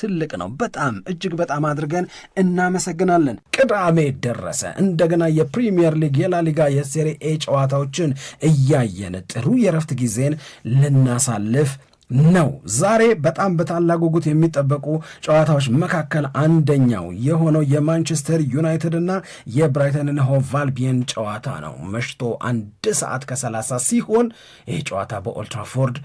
ትልቅ ነው። በጣም እጅግ በጣም አድርገን እናመሰግናለን። ቅዳሜ ደረሰ። እንደገና የፕሪሚየር ሊግ፣ የላሊጋ፣ የሴሪኤ ጨዋታዎችን እያየን ጥሩ የረፍት ጊዜን ልናሳልፍ ነው። ዛሬ በጣም በታላቅ ጉጉት የሚጠበቁ ጨዋታዎች መካከል አንደኛው የሆነው የማንቸስተር ዩናይትድ እና የብራይተንን ሆቭ አልቢየን ጨዋታ ነው። መሽቶ አንድ ሰዓት ከሰላሳ ሲሆን ይህ ጨዋታ በኦልትራፎርድ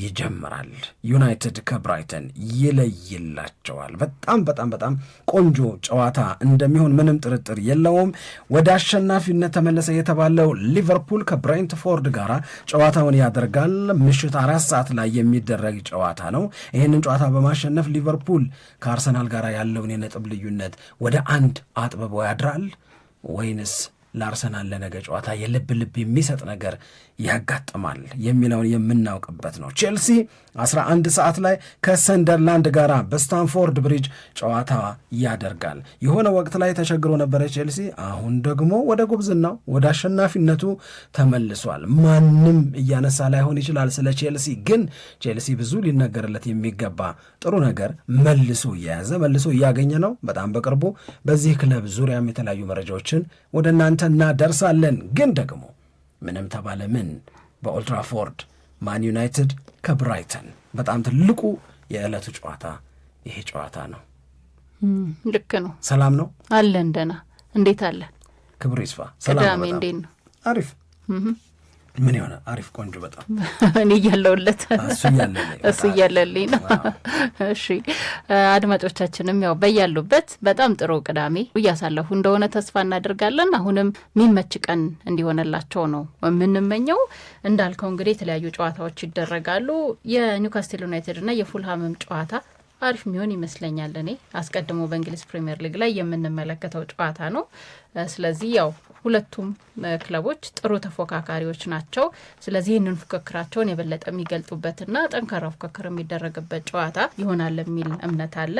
ይጀምራል። ዩናይትድ ከብራይተን ይለይላቸዋል። በጣም በጣም በጣም ቆንጆ ጨዋታ እንደሚሆን ምንም ጥርጥር የለውም። ወደ አሸናፊነት ተመለሰ የተባለው ሊቨርፑል ከብሬንትፎርድ ጋር ጨዋታውን ያደርጋል። ምሽት አራት ሰዓት ላይ የሚደረግ ጨዋታ ነው። ይህንን ጨዋታ በማሸነፍ ሊቨርፑል ከአርሰናል ጋር ያለውን የነጥብ ልዩነት ወደ አንድ አጥብቦ ያድራል ወይንስ ለአርሰናል ለነገ ጨዋታ የልብ ልብ የሚሰጥ ነገር ያጋጥማል የሚለውን የምናውቅበት ነው። ቼልሲ 11 ሰዓት ላይ ከሰንደርላንድ ጋር በስታንፎርድ ብሪጅ ጨዋታ ያደርጋል። የሆነ ወቅት ላይ ተቸግሮ ነበረ ቼልሲ። አሁን ደግሞ ወደ ጉብዝናው ወደ አሸናፊነቱ ተመልሷል። ማንም እያነሳ ላይሆን ይችላል ስለ ቼልሲ፣ ግን ቼልሲ ብዙ ሊነገርለት የሚገባ ጥሩ ነገር መልሶ እየያዘ መልሶ እያገኘ ነው። በጣም በቅርቡ በዚህ ክለብ ዙሪያም የተለያዩ መረጃዎችን ወደ እናንተ እናንተ እናደርሳለን። ግን ደግሞ ምንም ተባለ ምን በኦልትራፎርድ ማን ዩናይትድ ከብራይተን በጣም ትልቁ የዕለቱ ጨዋታ ይሄ ጨዋታ ነው። ልክ ነው። ሰላም ነው አለን። ደህና እንዴት አለን? ክብር ይስፋ። ሰላም ነው። አሪፍ ምን የሆነ አሪፍ ቆንጆ በጣም እኔ እያለውለት እሱ እያለልኝ ነው። እሺ አድማጮቻችንም ያው በያሉበት በጣም ጥሩ ቅዳሜ እያሳለፉ እንደሆነ ተስፋ እናደርጋለን። አሁንም የሚመች ቀን እንዲሆነላቸው ነው የምንመኘው። እንዳልከው እንግዲህ የተለያዩ ጨዋታዎች ይደረጋሉ። የኒውካስትል ዩናይትድ እና የፉልሃምም ጨዋታ አሪፍ የሚሆን ይመስለኛል። እኔ አስቀድሞ በእንግሊዝ ፕሪምየር ሊግ ላይ የምንመለከተው ጨዋታ ነው። ስለዚህ ያው ሁለቱም ክለቦች ጥሩ ተፎካካሪዎች ናቸው። ስለዚህ ይህንን ፉክክራቸውን የበለጠ የሚገልጡበትና ጠንካራ ፉክክር የሚደረግበት ጨዋታ ይሆናል የሚል እምነት አለ።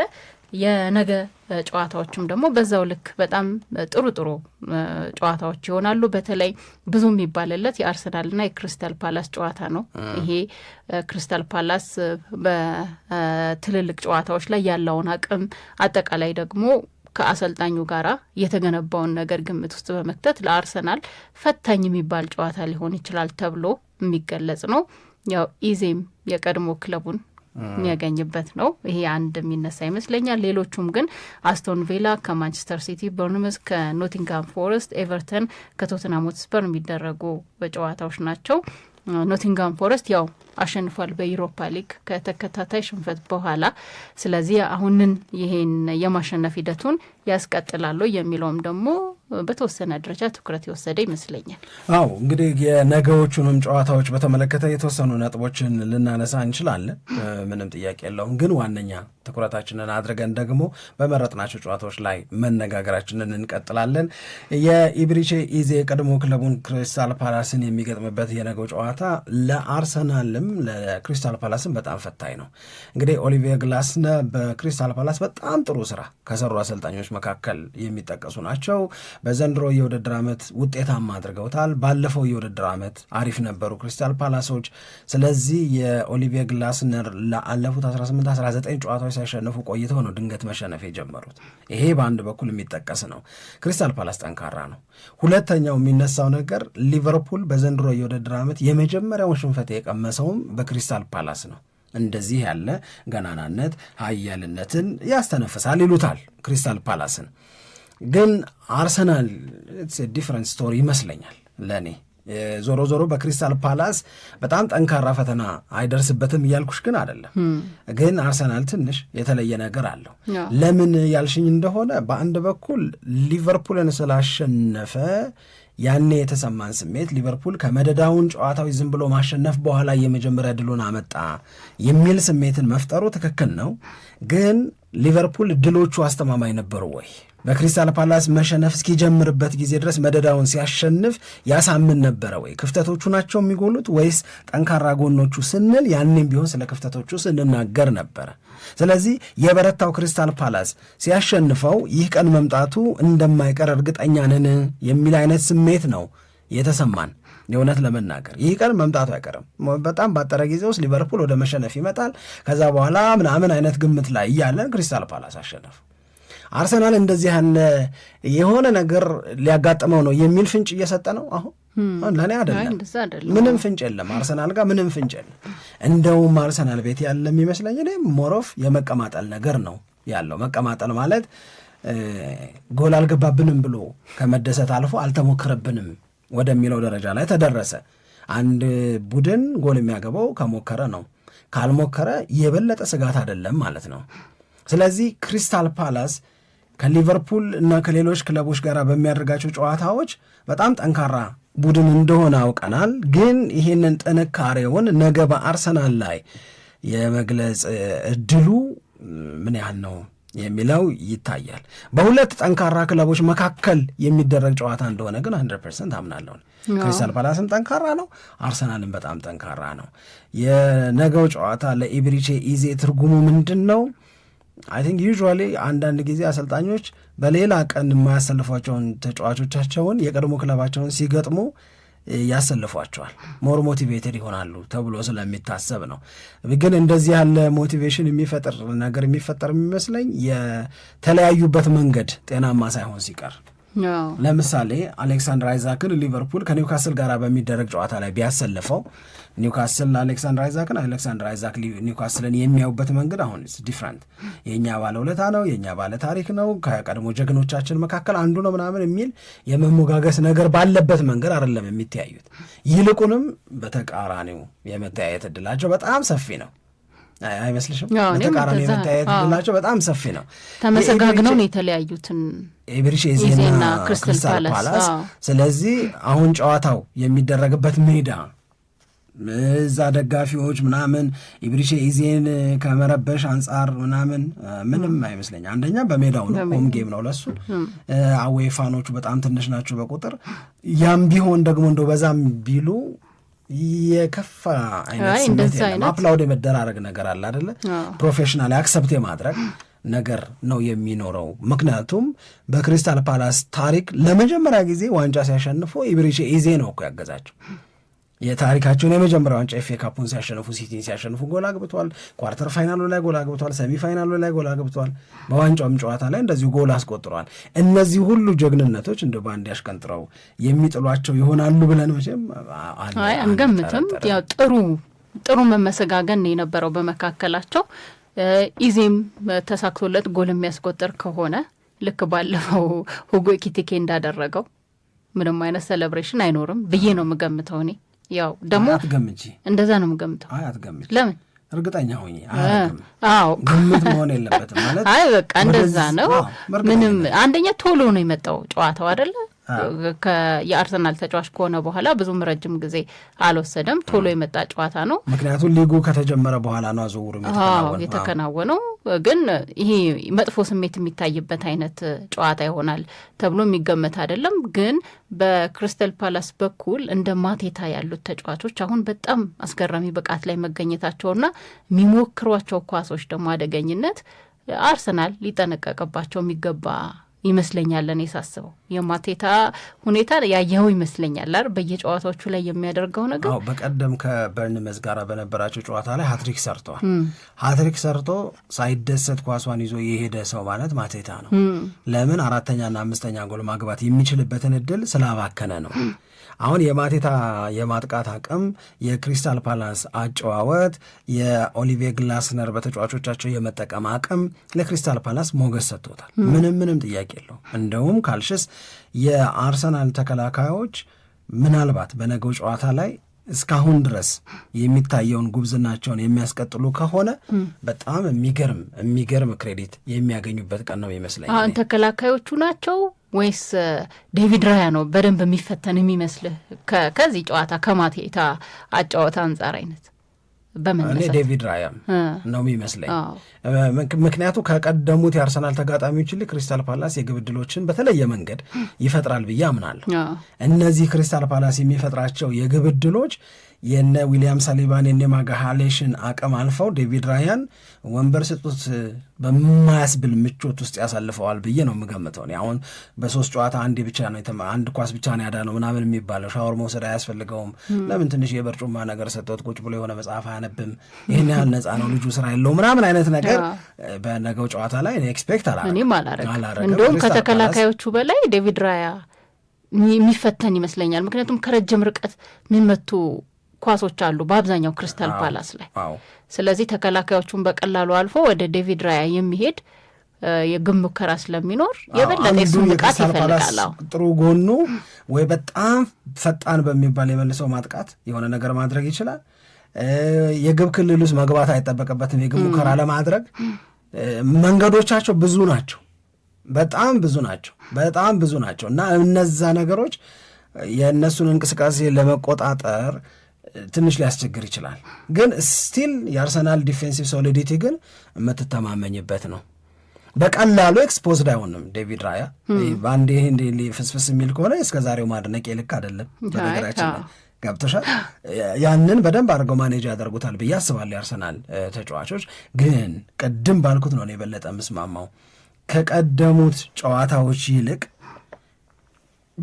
የነገ ጨዋታዎችም ደግሞ በዛው ልክ በጣም ጥሩ ጥሩ ጨዋታዎች ይሆናሉ። በተለይ ብዙ የሚባልለት የአርሰናልና የክሪስታል ፓላስ ጨዋታ ነው። ይሄ ክሪስታል ፓላስ በትልልቅ ጨዋታዎች ላይ ያለውን አቅም አጠቃላይ ደግሞ ከአሰልጣኙ ጋራ የተገነባውን ነገር ግምት ውስጥ በመክተት ለአርሰናል ፈታኝ የሚባል ጨዋታ ሊሆን ይችላል ተብሎ የሚገለጽ ነው። ያው ኢዜም የቀድሞ ክለቡን የሚያገኝበት ነው። ይሄ አንድ የሚነሳ ይመስለኛል። ሌሎቹም ግን አስቶን ቪላ ከማንቸስተር ሲቲ፣ በርንምስ ከኖቲንጋም ፎረስት፣ ኤቨርተን ከቶትናም ሆትስፐር የሚደረጉ ጨዋታዎች ናቸው። ኖቲንጋም ፎረስት ያው አሸንፏል በዩሮፓ ሊግ ከተከታታይ ሽንፈት በኋላ። ስለዚህ አሁንን ይሄን የማሸነፍ ሂደቱን ያስቀጥላሉ የሚለውም ደግሞ በተወሰነ ደረጃ ትኩረት የወሰደ ይመስለኛል። አዎ እንግዲህ የነገዎቹንም ጨዋታዎች በተመለከተ የተወሰኑ ነጥቦችን ልናነሳ እንችላለን፣ ምንም ጥያቄ የለውም። ግን ዋነኛ ትኩረታችንን አድርገን ደግሞ በመረጥናቸው ጨዋታዎች ላይ መነጋገራችንን እንቀጥላለን። የኢብሪቼ ኢዜ ቀድሞ ክለቡን ክሪስታል ፓላስን የሚገጥምበት የነገው ጨዋታ ለአርሰናል ለአርሰናልም ለክሪስታል ፓላስም በጣም ፈታኝ ነው። እንግዲህ ኦሊቪየ ግላስነ በክሪስታል ፓላስ በጣም ጥሩ ስራ ከሰሩ አሰልጣኞች መካከል የሚጠቀሱ ናቸው። በዘንድሮ የውድድር ዓመት ውጤታማ አድርገውታል። ባለፈው የውድድር ዓመት አሪፍ ነበሩ ክሪስታል ፓላሶች። ስለዚህ የኦሊቪየ ግላስነር ለአለፉት 18 19 ጨዋታዎች ሳይሸነፉ ቆይተው ነው ድንገት መሸነፍ የጀመሩት። ይሄ በአንድ በኩል የሚጠቀስ ነው። ክሪስታል ፓላስ ጠንካራ ነው። ሁለተኛው የሚነሳው ነገር ሊቨርፑል በዘንድሮ የውድድር ዓመት የመጀመሪያውን ሽንፈት የቀመሰው ያገኘውም በክሪስታል ፓላስ ነው። እንደዚህ ያለ ገናናነት ኃያልነትን ያስተነፍሳል ይሉታል ክሪስታል ፓላስን። ግን አርሰናል ዲፍረንት ስቶሪ ይመስለኛል ለእኔ። ዞሮ ዞሮ በክሪስታል ፓላስ በጣም ጠንካራ ፈተና አይደርስበትም እያልኩሽ ግን አይደለም። ግን አርሰናል ትንሽ የተለየ ነገር አለው። ለምን ያልሽኝ እንደሆነ በአንድ በኩል ሊቨርፑልን ስላሸነፈ ያኔ የተሰማን ስሜት ሊቨርፑል ከመደዳውን ጨዋታዊ ዝም ብሎ ማሸነፍ በኋላ የመጀመሪያ ድሉን አመጣ የሚል ስሜትን መፍጠሩ ትክክል ነው። ግን ሊቨርፑል ድሎቹ አስተማማኝ ነበሩ ወይ? በክሪስታል ፓላስ መሸነፍ እስኪጀምርበት ጊዜ ድረስ መደዳውን ሲያሸንፍ ያሳምን ነበረ ወይ? ክፍተቶቹ ናቸው የሚጎሉት ወይስ ጠንካራ ጎኖቹ ስንል ያንም ቢሆን ስለ ክፍተቶቹ ስንናገር ነበረ። ስለዚህ የበረታው ክሪስታል ፓላስ ሲያሸንፈው ይህ ቀን መምጣቱ እንደማይቀር እርግጠኛ ነን የሚል አይነት ስሜት ነው የተሰማን። የእውነት ለመናገር ይህ ቀን መምጣቱ አይቀርም። በጣም ባጠረ ጊዜ ውስጥ ሊቨርፑል ወደ መሸነፍ ይመጣል። ከዛ በኋላ ምናምን አይነት ግምት ላይ እያለን ክሪስታል ፓላስ አሸነፈው። አርሰናል እንደዚህ ያለ የሆነ ነገር ሊያጋጥመው ነው የሚል ፍንጭ እየሰጠ ነው። አሁን hmm. ለእኔ አይደለም፣ ምንም ፍንጭ የለም። አርሰናል ጋር ምንም ፍንጭ የለም። እንደውም አርሰናል ቤት ያለ የሚመስለኝ ሞሮፍ የመቀማጠል ነገር ነው ያለው። መቀማጠል ማለት ጎል አልገባብንም ብሎ ከመደሰት አልፎ አልተሞከረብንም ወደሚለው ደረጃ ላይ ተደረሰ። አንድ ቡድን ጎል የሚያገባው ከሞከረ ነው። ካልሞከረ የበለጠ ስጋት አይደለም ማለት ነው። ስለዚህ ክሪስታል ፓላስ ከሊቨርፑል እና ከሌሎች ክለቦች ጋር በሚያደርጋቸው ጨዋታዎች በጣም ጠንካራ ቡድን እንደሆነ አውቀናል። ግን ይህንን ጥንካሬውን ነገ በአርሰናል ላይ የመግለጽ እድሉ ምን ያህል ነው የሚለው ይታያል። በሁለት ጠንካራ ክለቦች መካከል የሚደረግ ጨዋታ እንደሆነ ግን 100 ፐርሰንት አምናለሁ። ክሪስታል ፓላስም ጠንካራ ነው፣ አርሰናልም በጣም ጠንካራ ነው። የነገው ጨዋታ ለኢብሪቼ ኢዜ ትርጉሙ ምንድን ነው? አይ ቲንክ ዩዥዋሊ አንዳንድ ጊዜ አሰልጣኞች በሌላ ቀን የማያሰልፏቸውን ተጫዋቾቻቸውን የቀድሞ ክለባቸውን ሲገጥሙ ያሰልፏቸዋል። ሞር ሞቲቬትድ ይሆናሉ ተብሎ ስለሚታሰብ ነው። ግን እንደዚህ ያለ ሞቲቬሽን የሚፈጥር ነገር የሚፈጠር የሚመስለኝ የተለያዩበት መንገድ ጤናማ ሳይሆን ሲቀር ለምሳሌ አሌክሳንድር አይዛክን ሊቨርፑል ከኒውካስል ጋር በሚደረግ ጨዋታ ላይ ቢያሰልፈው ኒውካስል አሌክሳንድር አይዛክን አሌክሳንድር አይዛክ ኒውካስልን የሚያዩበት መንገድ አሁን ዲፍረንት የእኛ ውለታ ነው የእኛ ባለ ታሪክ ነው ከቀድሞ ጀግኖቻችን መካከል አንዱ ነው ምናምን የሚል የመሞጋገስ ነገር ባለበት መንገድ አይደለም የሚተያዩት። ይልቁንም በተቃራኒው የመተያየት እድላቸው በጣም ሰፊ ነው። አይመስልሽም? በተቃራኒ መታየት ብላቸው በጣም ሰፊ ነው። ተመሰጋግነው ነው የተለያዩትን ኤብሪቼዜና ክሪስታል ፓላስ። ስለዚህ አሁን ጨዋታው የሚደረግበት ሜዳ እዛ ደጋፊዎች ምናምን ኢብሪሼ ኢዜን ከመረበሽ አንጻር ምናምን ምንም አይመስለኝ። አንደኛ በሜዳው ነው፣ ሆም ጌም ነው ለሱ። አዌይ ፋኖቹ በጣም ትንሽ ናቸው በቁጥር ያም ቢሆን ደግሞ እንደው በዛም ቢሉ የከፋ አይነት ስሜት የለም። አፕላውድ የመደራረግ ነገር አለ አደለ? ፕሮፌሽናል አክሰፕት የማድረግ ነገር ነው የሚኖረው። ምክንያቱም በክሪስታል ፓላስ ታሪክ ለመጀመሪያ ጊዜ ዋንጫ ሲያሸንፎ ኢብሪቼ ኢዜ ነው እኮ ያገዛቸው የታሪካቸውን የመጀመሪያ ዋንጫ ኤፍ ኤ ካፑን ሲያሸንፉ ሲቲን ሲያሸንፉ ጎል አግብተዋል። ኳርተር ፋይናሉ ላይ ጎል አግብተዋል። ሰሚ ፋይናሉ ላይ ጎል አግብተዋል። በዋንጫውም ጨዋታ ላይ እንደዚሁ ጎል አስቆጥረዋል። እነዚህ ሁሉ ጀግንነቶች እንደ በአንድ ያሽቀንጥረው የሚጥሏቸው ይሆናሉ ብለን መቼም አንገምትም። ያው ጥሩ ጥሩ መመሰጋገን የነበረው በመካከላቸው ኢዜም ተሳክቶለት ጎል የሚያስቆጥር ከሆነ ልክ ባለፈው ሁጎ ኢኪቲኬ እንዳደረገው ምንም አይነት ሴሌብሬሽን አይኖርም ብዬ ነው የምገምተው እኔ። ያው ደግሞ አትገምጂ፣ እንደዛ ነው የምገምተው። አትገምጂ፣ ለምን እርግጠኛ ሆኜ አዎ፣ ግምት መሆን የለበትም ማለት አይ፣ በቃ እንደዛ ነው። ምንም አንደኛ ቶሎ ነው የመጣው ጨዋታው አይደለ የአርሰናል ተጫዋች ከሆነ በኋላ ብዙም ረጅም ጊዜ አልወሰደም። ቶሎ የመጣ ጨዋታ ነው። ምክንያቱም ሊጉ ከተጀመረ በኋላ ነው ዝውውሩ የተከናወነው። ግን ይሄ መጥፎ ስሜት የሚታይበት አይነት ጨዋታ ይሆናል ተብሎ የሚገመት አይደለም። ግን በክሪስተል ፓላስ በኩል እንደ ማቴታ ያሉት ተጫዋቾች አሁን በጣም አስገራሚ ብቃት ላይ መገኘታቸውና የሚሞክሯቸው ኳሶች ደግሞ አደገኝነት አርሰናል ሊጠነቀቅባቸው የሚገባ ይመስለኛል እኔ ሳስበው የማቴታ ሁኔታ ያየው ይመስለኛል አይደል? በየጨዋታዎቹ ላይ የሚያደርገው ነገር በቀደም ከበርንመዝ ጋር በነበራቸው ጨዋታ ላይ ሀትሪክ ሰርተዋል። ሀትሪክ ሰርቶ ሳይደሰት ኳሷን ይዞ የሄደ ሰው ማለት ማቴታ ነው። ለምን አራተኛና አምስተኛ ጎል ማግባት የሚችልበትን እድል ስላባከነ ነው። አሁን የማቴታ የማጥቃት አቅም፣ የክሪስታል ፓላስ አጨዋወት፣ የኦሊቬ ግላስነር በተጫዋቾቻቸው የመጠቀም አቅም ለክሪስታል ፓላስ ሞገስ ሰጥቶታል። ምንም ምንም ጥያቄ የለው። እንደውም ካልሽስ የአርሰናል ተከላካዮች ምናልባት በነገው ጨዋታ ላይ እስካሁን ድረስ የሚታየውን ጉብዝናቸውን የሚያስቀጥሉ ከሆነ በጣም የሚገርም የሚገርም ክሬዲት የሚያገኙበት ቀን ነው ይመስለኛል። አሁን ተከላካዮቹ ናቸው ወይስ ዴቪድ ራያ ነው በደንብ የሚፈተን የሚመስልህ ከዚህ ጨዋታ ከማቴታ አጫወታ አንጻር አይነት እኔ ዴቪድ ራያን ነው የሚመስለኝ። ምክንያቱ ከቀደሙት የአርሰናል ተጋጣሚዎች ይልቅ ክሪስታል ፓላስ የግብ ዕድሎችን በተለየ መንገድ ይፈጥራል ብዬ አምናለሁ። እነዚህ ክሪስታል ፓላስ የሚፈጥራቸው የግብ ዕድሎች የነ ዊሊያም ሳሊባን የነ ማጋሃሌሽን አቅም አልፈው ዴቪድ ራያን ወንበር ስጡት በማያስብል ምቾት ውስጥ ያሳልፈዋል ብዬ ነው የምገምተው። አሁን በሶስት ጨዋታ አንድ ብቻ ነው አንድ ኳስ ብቻ ነው ያዳነው ምናምን የሚባለው ሻወር መውሰድ አያስፈልገውም። ለምን ትንሽ የበርጩማ ነገር ሰጠት ቁጭ ብሎ የሆነ መጽሐፍ አያነብም፣ ይህን ያህል ነጻ ነው ልጁ ስራ የለው ምናምን አይነት ነገር በነገው ጨዋታ ላይ ኤክስፔክት አላረግም። እንዲሁም ከተከላካዮቹ በላይ ዴቪድ ራያ የሚፈተን ይመስለኛል። ምክንያቱም ከረጅም ርቀት ምን መቶ ኳሶች አሉ በአብዛኛው ክሪስታል ፓላስ ላይ። ስለዚህ ተከላካዮቹን በቀላሉ አልፎ ወደ ዴቪድ ራያ የሚሄድ የግብ ሙከራ ስለሚኖር የበለጠ ንቃት ይፈልጋል። ጥሩ ጎኑ ወይ በጣም ፈጣን በሚባል የመልሰው ማጥቃት የሆነ ነገር ማድረግ ይችላል። የግብ ክልል ውስጥ መግባት አይጠበቅበትም። የግብ ሙከራ ለማድረግ መንገዶቻቸው ብዙ ናቸው፣ በጣም ብዙ ናቸው፣ በጣም ብዙ ናቸው እና እነዛ ነገሮች የእነሱን እንቅስቃሴ ለመቆጣጠር ትንሽ ሊያስቸግር ይችላል። ግን ስቲል የአርሰናል ዲፌንሲቭ ሶሊዲቲ ግን የምትተማመኝበት ነው። በቀላሉ ኤክስፖዝድ አይሆንም። ዴቪድ ራያ በአንዴ ፍስፍስ የሚል ከሆነ እስከ ዛሬው ማድነቅ ልክ አይደለም። በነገራችን ገብቶሻል። ያንን በደንብ አድርገው ማኔጅ ያደርጉታል ብዬ አስባለሁ የአርሰናል ተጫዋቾች። ግን ቅድም ባልኩት ነው የበለጠ ምስማማው ከቀደሙት ጨዋታዎች ይልቅ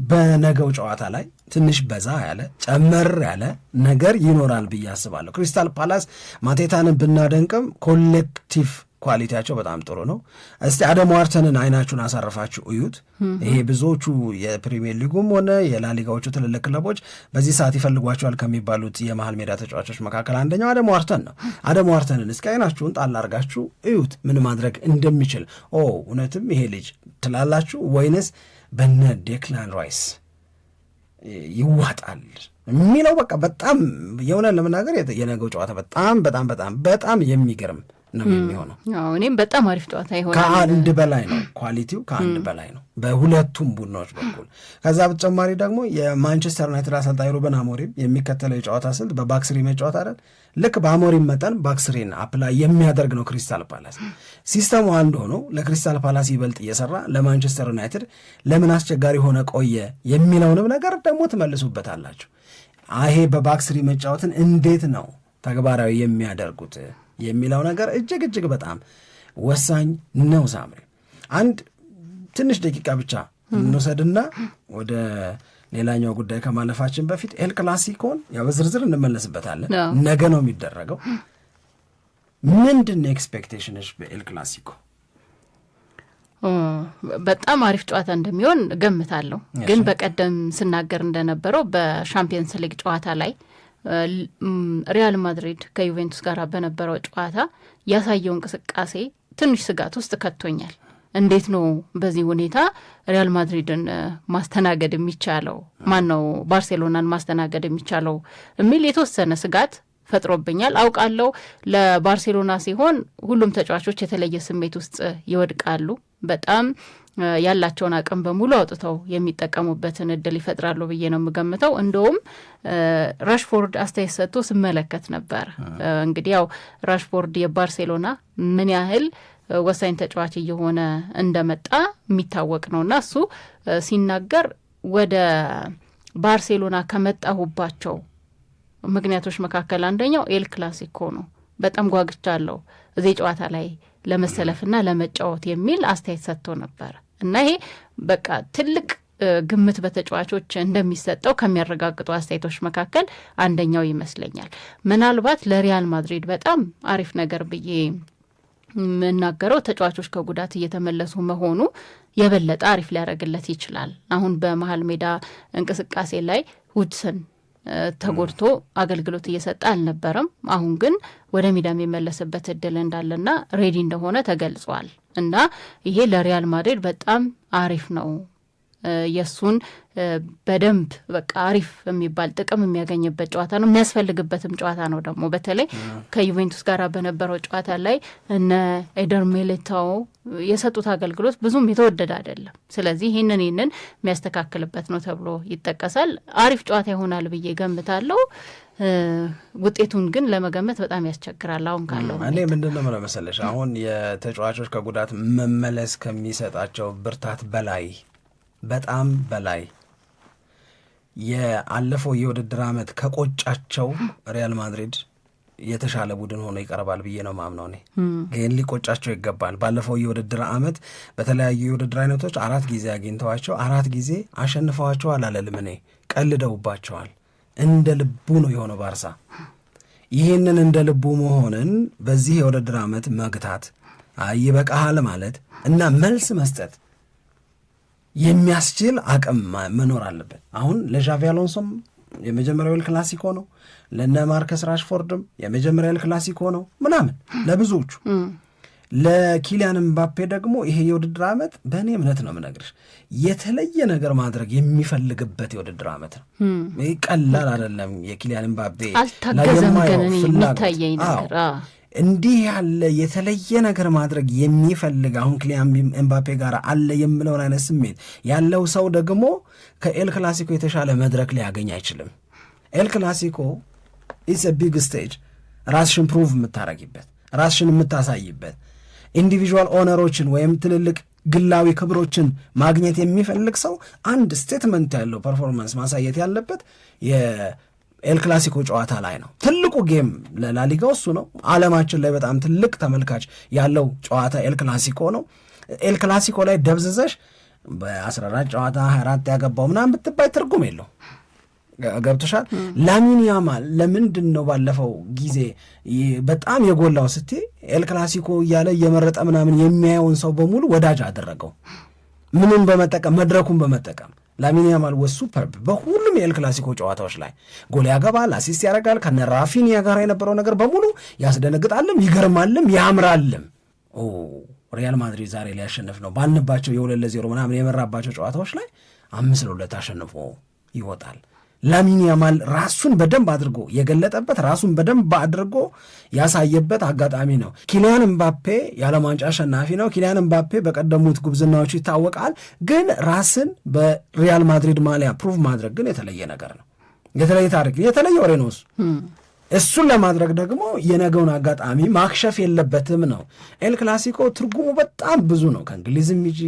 በነገው ጨዋታ ላይ ትንሽ በዛ ያለ ጨመር ያለ ነገር ይኖራል ብዬ አስባለሁ። ክሪስታል ፓላስ ማቴታንን ብናደንቅም ኮሌክቲቭ ኳሊቲያቸው በጣም ጥሩ ነው። እስቲ አደም ዋርተንን አይናችሁን አሳርፋችሁ እዩት። ይሄ ብዙዎቹ የፕሪሚየር ሊጉም ሆነ የላሊጋዎቹ ትልልቅ ክለቦች በዚህ ሰዓት ይፈልጓቸዋል ከሚባሉት የመሀል ሜዳ ተጫዋቾች መካከል አንደኛው አደም ዋርተን ነው። አደም ዋርተንን እስኪ አይናችሁን ጣል አርጋችሁ እዩት ምን ማድረግ እንደሚችል። ኦ እውነትም ይሄ ልጅ ትላላችሁ ወይንስ በነ ዴክላን ራይስ ይዋጣል የሚለው በቃ በጣም የሆነ ለመናገር የነገው ጨዋታ በጣም በጣም በጣም በጣም የሚገርም ነው የሚሆነው። እኔም በጣም አሪፍ ጨዋታ ይሆናል። ከአንድ በላይ ነው ኳሊቲው፣ ከአንድ በላይ ነው በሁለቱም ቡድኖች በኩል። ከዛ በተጨማሪ ደግሞ የማንቸስተር ዩናይትድ አሰልጣኝ ሩበን አሞሪም የሚከተለው የጨዋታ ስልት በባክስሪ መጫወት አይደል፣ ልክ በአሞሪም መጠን ባክስሪን አፕላይ የሚያደርግ ነው። ክሪስታል ፓላስ ሲስተሙ አንድ ሆኖ ለክሪስታል ፓላስ ይበልጥ እየሰራ ለማንቸስተር ዩናይትድ ለምን አስቸጋሪ ሆነ ቆየ የሚለውንም ነገር ደግሞ ትመልሱበታላችሁ። ይሄ በባክስሪ መጫወትን እንዴት ነው ተግባራዊ የሚያደርጉት? የሚለው ነገር እጅግ እጅግ በጣም ወሳኝ ነው። ሳምሪ አንድ ትንሽ ደቂቃ ብቻ እንውሰድና ወደ ሌላኛው ጉዳይ ከማለፋችን በፊት ኤል ክላሲኮን ያው በዝርዝር እንመለስበታለን። ነገ ነው የሚደረገው። ምንድን ነው ኤክስፔክቴሽንሽ በኤል ክላሲኮ? በጣም አሪፍ ጨዋታ እንደሚሆን ገምታለሁ። ግን በቀደም ስናገር እንደነበረው በሻምፒየንስ ሊግ ጨዋታ ላይ ሪያል ማድሪድ ከዩቬንቱስ ጋር በነበረው ጨዋታ ያሳየው እንቅስቃሴ ትንሽ ስጋት ውስጥ ከቶኛል። እንዴት ነው በዚህ ሁኔታ ሪያል ማድሪድን ማስተናገድ የሚቻለው? ማን ነው ባርሴሎናን ማስተናገድ የሚቻለው የሚል የተወሰነ ስጋት ፈጥሮብኛል። አውቃለሁ ለባርሴሎና ሲሆን ሁሉም ተጫዋቾች የተለየ ስሜት ውስጥ ይወድቃሉ። በጣም ያላቸውን አቅም በሙሉ አውጥተው የሚጠቀሙበትን እድል ይፈጥራሉ ብዬ ነው የምገምተው። እንደውም ራሽፎርድ አስተያየት ሰጥቶ ስመለከት ነበር። እንግዲህ ያው ራሽፎርድ የባርሴሎና ምን ያህል ወሳኝ ተጫዋች እየሆነ እንደመጣ የሚታወቅ ነው እና እሱ ሲናገር ወደ ባርሴሎና ከመጣሁባቸው ምክንያቶች መካከል አንደኛው ኤል ክላሲኮ ነው። በጣም ጓግቻ አለው እዚህ ጨዋታ ላይ ለመሰለፍና ለመጫወት የሚል አስተያየት ሰጥቶ ነበር እና ይሄ በቃ ትልቅ ግምት በተጫዋቾች እንደሚሰጠው ከሚያረጋግጡ አስተያየቶች መካከል አንደኛው ይመስለኛል። ምናልባት ለሪያል ማድሪድ በጣም አሪፍ ነገር ብዬ የምናገረው ተጫዋቾች ከጉዳት እየተመለሱ መሆኑ የበለጠ አሪፍ ሊያደርግለት ይችላል። አሁን በመሀል ሜዳ እንቅስቃሴ ላይ ሁድሰን ተጎድቶ አገልግሎት እየሰጠ አልነበረም። አሁን ግን ወደ ሜዳ የሚመለስበት እድል እንዳለና ሬዲ እንደሆነ ተገልጿል እና ይሄ ለሪያል ማድሪድ በጣም አሪፍ ነው የእሱን በደንብ በቃ አሪፍ የሚባል ጥቅም የሚያገኝበት ጨዋታ ነው፣ የሚያስፈልግበትም ጨዋታ ነው። ደግሞ በተለይ ከዩቬንቱስ ጋር በነበረው ጨዋታ ላይ እነ ኤደር ሜሌታው የሰጡት አገልግሎት ብዙም የተወደደ አይደለም። ስለዚህ ይህንን ይህንን የሚያስተካክልበት ነው ተብሎ ይጠቀሳል። አሪፍ ጨዋታ ይሆናል ብዬ ገምታለሁ። ውጤቱን ግን ለመገመት በጣም ያስቸግራል። አሁን ካለው እኔ ምንድን ነው መሰለሽ አሁን የተጫዋቾች ከጉዳት መመለስ ከሚሰጣቸው ብርታት በላይ በጣም በላይ የአለፈው የውድድር ዓመት ከቆጫቸው ሪያል ማድሪድ የተሻለ ቡድን ሆኖ ይቀርባል ብዬ ነው ማምነው። እኔ ግን ሊቆጫቸው ይገባል። ባለፈው የውድድር ዓመት በተለያዩ የውድድር አይነቶች አራት ጊዜ አግኝተዋቸው አራት ጊዜ አሸንፈዋቸዋል አላለልም። እኔ ቀልደውባቸዋል። እንደ ልቡ ነው የሆነው ባርሳ። ይህንን እንደ ልቡ መሆንን በዚህ የውድድር ዓመት መግታት ይበቃሃል ማለት እና መልስ መስጠት የሚያስችል አቅም መኖር አለበት። አሁን ለዣቪ አሎንሶም የመጀመሪያው ኤል ክላሲኮ ነው፣ ለነ ማርከስ ራሽፎርድም የመጀመሪያው ኤል ክላሲኮ ነው ምናምን ለብዙዎቹ። ለኪሊያን ምባፔ ደግሞ ይሄ የውድድር ዓመት በእኔ እምነት ነው የምነግርሽ የተለየ ነገር ማድረግ የሚፈልግበት የውድድር ዓመት ነው። ቀላል አይደለም። የኪሊያን ምባፔ ላይ የማየው ፍላጎት እንዲህ ያለ የተለየ ነገር ማድረግ የሚፈልግ አሁን ክሊያን ኤምባፔ ጋር አለ የምለውን አይነት ስሜት ያለው ሰው ደግሞ ከኤል ክላሲኮ የተሻለ መድረክ ሊያገኝ አይችልም። ኤል ክላሲኮ ኢስ ቢግ ስቴጅ፣ ራስሽን ፕሩቭ የምታረጊበት ራስሽን የምታሳይበት ኢንዲቪዥዋል ኦነሮችን ወይም ትልልቅ ግላዊ ክብሮችን ማግኘት የሚፈልግ ሰው አንድ ስቴትመንት ያለው ፐርፎርማንስ ማሳየት ያለበት ኤል ክላሲኮ ጨዋታ ላይ ነው። ትልቁ ጌም ለላሊጋው እሱ ነው። አለማችን ላይ በጣም ትልቅ ተመልካች ያለው ጨዋታ ኤል ክላሲኮ ነው። ኤል ክላሲኮ ላይ ደብዝዘሽ በ14 ጨዋታ 24 ያገባው ምናምን ብትባይ ትርጉም የለው። ገብቶሻል። ላሚን ያማል ለምንድን ነው ባለፈው ጊዜ በጣም የጎላው ስቴ ኤል ክላሲኮ እያለ እየመረጠ ምናምን የሚያየውን ሰው በሙሉ ወዳጅ አደረገው። ምንም በመጠቀም መድረኩን በመጠቀም ላሚን ያማል ወስ ሱፐርብ በሁሉም የኤል ክላሲኮ ጨዋታዎች ላይ ጎል ያገባል፣ አሲስት ያደርጋል። ከነ ራፊኒያ ጋር የነበረው ነገር በሙሉ ያስደነግጣልም፣ ይገርማልም፣ ያምራልም። ሪያል ማድሪድ ዛሬ ሊያሸንፍ ነው ባንባቸው የሁለት ለዜሮ ምናምን የመራባቸው ጨዋታዎች ላይ አምስት ለሁለት አሸንፎ ይወጣል። ላሚን ያማል ራሱን በደንብ አድርጎ የገለጠበት ራሱን በደንብ አድርጎ ያሳየበት አጋጣሚ ነው። ኪሊያን እምባፔ የዓለም ዋንጫ አሸናፊ ነው። ኪሊያን እምባፔ በቀደሙት ጉብዝናዎቹ ይታወቃል። ግን ራስን በሪያል ማድሪድ ማሊያ ፕሩቭ ማድረግ ግን የተለየ ነገር ነው። የተለየ ታሪክ፣ የተለየ ወሬ ነው እሱ እሱን ለማድረግ ደግሞ የነገውን አጋጣሚ ማክሸፍ የለበትም ነው። ኤል ክላሲኮ ትርጉሙ በጣም ብዙ ነው። ከእንግሊዝም ይጂ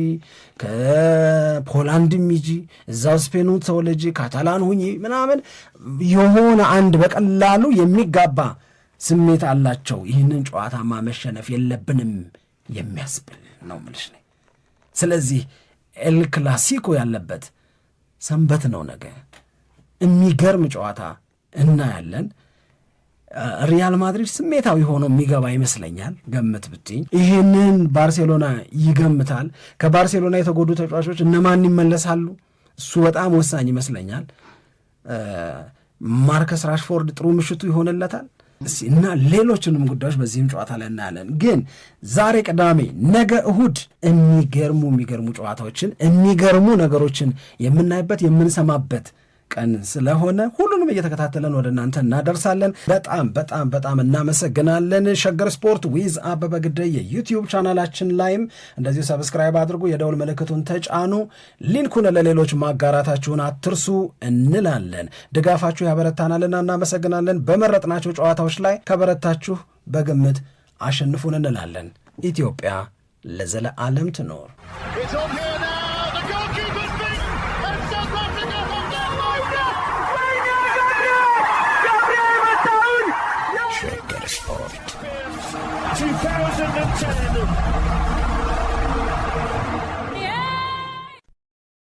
ከፖላንድም ይጂ እዛው ስፔኑ ተወለጂ ካታላን ሁኚ ምናምን የሆነ አንድ በቀላሉ የሚጋባ ስሜት አላቸው። ይህንን ጨዋታማ መሸነፍ የለብንም የሚያስብል ነው የምልሽ። ስለዚህ ኤል ክላሲኮ ያለበት ሰንበት ነው። ነገ የሚገርም ጨዋታ እናያለን። ሪያል ማድሪድ ስሜታዊ ሆኖ የሚገባ ይመስለኛል። ገምት ብትኝ ይህንን ባርሴሎና ይገምታል። ከባርሴሎና የተጎዱ ተጫዋቾች እነማን ይመለሳሉ? እሱ በጣም ወሳኝ ይመስለኛል። ማርከስ ራሽፎርድ ጥሩ ምሽቱ ይሆንለታል እና ሌሎችንም ጉዳዮች በዚህም ጨዋታ ላይ እናያለን። ግን ዛሬ ቅዳሜ፣ ነገ እሁድ የሚገርሙ የሚገርሙ ጨዋታዎችን የሚገርሙ ነገሮችን የምናይበት የምንሰማበት ቀን ስለሆነ ሁሉንም እየተከታተለን ወደ እናንተ እናደርሳለን። በጣም በጣም በጣም እናመሰግናለን። ሸገር ስፖርት ዊዝ አበበ ግደይ የዩቲዩብ ቻናላችን ላይም እንደዚሁ ሰብስክራይብ አድርጉ፣ የደውል ምልክቱን ተጫኑ፣ ሊንኩን ለሌሎች ማጋራታችሁን አትርሱ እንላለን። ድጋፋችሁ ያበረታናልና እናመሰግናለን። በመረጥናቸው ጨዋታዎች ላይ ከበረታችሁ በግምት አሸንፉን እንላለን። ኢትዮጵያ ለዘለዓለም ትኖር።